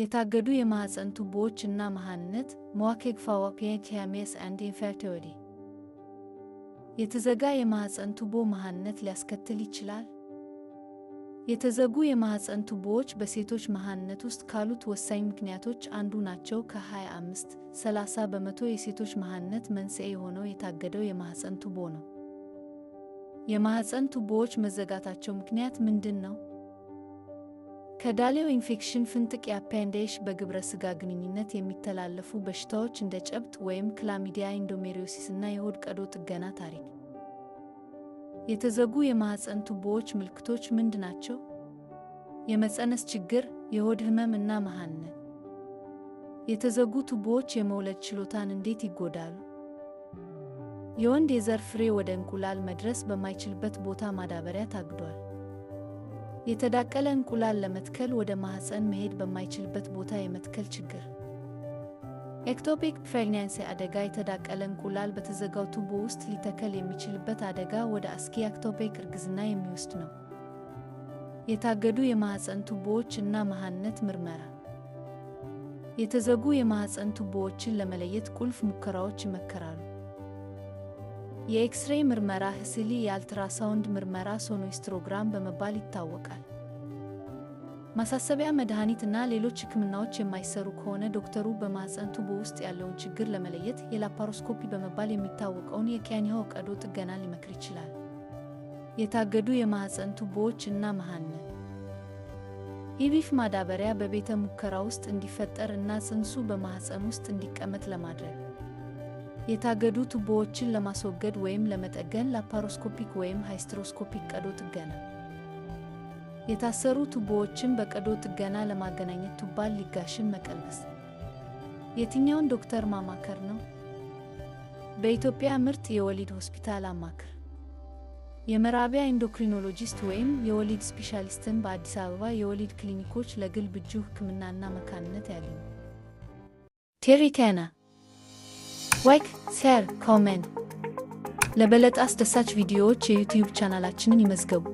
የታገዱ የማህፀን ቱቦዎች እና መሃንነት መዋኬግ ኪያሜስ አንድ ኢንፌርቲሊቲ የተዘጋ የማህፀን ቱቦ መሃንነት ሊያስከትል ይችላል። የተዘጉ የማህፀን ቱቦዎች በሴቶች መሃንነት ውስጥ ካሉት ወሳኝ ምክንያቶች አንዱ ናቸው። ከ25 30 በመቶ የሴቶች መሃንነት መንስኤ የሆነው የታገደው የማህፀን ቱቦ ነው። የማህፀን ቱቦዎች መዘጋታቸው ምክንያት ምንድን ነው? ከዳሌው ኢንፌክሽን፣ ፍንጥቅ፣ የአፓንዳይሽ በግብረ ስጋ ግንኙነት የሚተላለፉ በሽታዎች እንደ ጨብጥ ወይም ክላሚዲያ፣ ኢንዶሜሪዮሲስ እና የሆድ ቀዶ ጥገና ታሪክ። የተዘጉ የማህፀን ቱቦዎች ምልክቶች ምንድ ናቸው? የመፀነስ ችግር፣ የሆድ ህመም እና መሃንነት። የተዘጉ ቱቦዎች የመውለድ ችሎታን እንዴት ይጎዳሉ? የወንድ የዘር ፍሬ ወደ እንቁላል መድረስ በማይችልበት ቦታ ማዳበሪያ ታግዷል። የተዳቀለ እንቁላል ለመትከል ወደ ማህፀን መሄድ በማይችልበት ቦታ የመትከል ችግር። ኤክቶፒክ ፕሬግናንሲ አደጋ የተዳቀለ እንቁላል በተዘጋው ቱቦ ውስጥ ሊተከል የሚችልበት አደጋ ወደ አስኪ ኤክቶፒክ እርግዝና የሚወስድ ነው። የታገዱ የማህፀን ቱቦዎች እና መሃንነት ምርመራ። የተዘጉ የማህፀን ቱቦዎችን ለመለየት ቁልፍ ሙከራዎች ይመከራሉ። የኤክስሬይ ምርመራ ህስሊ የአልትራሳውንድ ምርመራ ሶኖሂስቶግራም በመባል ይታወቃል። ማሳሰቢያ መድኃኒት እና ሌሎች ህክምናዎች የማይሰሩ ከሆነ ዶክተሩ በማህፀን ቱቦ ውስጥ ያለውን ችግር ለመለየት የላፓሮስኮፒ በመባል የሚታወቀውን የካይኔሆ ቀዶ ጥገና ሊመክር ይችላል። የታገዱ የማህፀን ቱቦዎች እና መሃንነ ኢቪፍ ማዳበሪያ በቤተ ሙከራ ውስጥ እንዲፈጠር እና ጽንሱ በማህፀን ውስጥ እንዲቀመጥ ለማድረግ የታገዱ ቱቦዎችን ለማስወገድ ወይም ለመጠገን ላፓሮስኮፒክ ወይም ሃይስትሮስኮፒክ ቀዶ ጥገና። የታሰሩ ቱቦዎችን በቀዶ ጥገና ለማገናኘት ቱባል ሊጋሽን መቀልበስ። የትኛውን ዶክተር ማማከር ነው? በኢትዮጵያ ምርጥ የወሊድ ሆስፒታል አማክር። የመራቢያ ኢንዶክሪኖሎጂስት ወይም የወሊድ ስፔሻሊስትን በአዲስ አበባ የወሊድ ክሊኒኮች ለግል ብጁ ህክምናና መካንነት ያገኙ። ቴሪካና ላይክ፣ ሼር፣ ኮሜንት ለበለጠ አስደሳች ቪዲዮዎች የዩቲዩብ ቻናላችንን ይመዝገቡ።